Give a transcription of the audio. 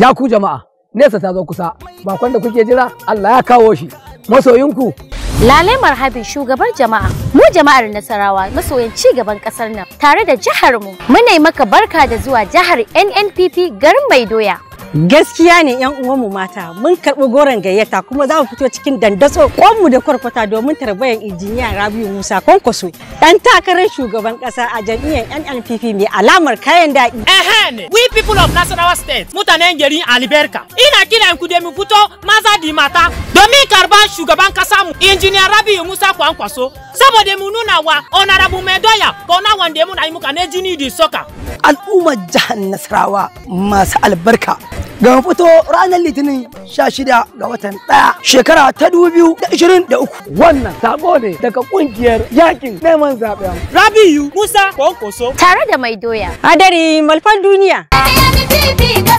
ya ku jama'a nesa ta zo kusa bakon da kuke jira Allah ya kawo shi masoyinku Lale Marhabin shugabar jama'a mu jama'ar Nasarawa masoyan ci gaban ƙasar nan tare da jihar mu muna maka barka da zuwa jihar NNPP garin Maidoya Gaskiya ne yan uwanmu mata mun karɓi goron gayyata kuma za mu fito cikin dandatso kwanmu da kwarkwata domin tarbayan injiniya Rabiu Musa Kwankwaso dan takarar shugaban ƙasa a jam'iyyar NNPP mai alamar kayan daɗi. ne we people of nasarawa state mutanen garin alberka ina kiran ku da mu fito maza di mata domin karban shugaban kasa mu injiniya rabi musa kwankwaso saboda mu nuna wa honorable medoya kona wanda muna yi muka ne jini di soka al'ummar jihar nasarawa masu albarka ga mu fito ranar litinin 16 ga watan ɗaya shekara ta 2023 wannan sako ne daga kungiyar yakin neman Rabi rabiyu musa kwankwaso tare da mai doya hadari malfan duniya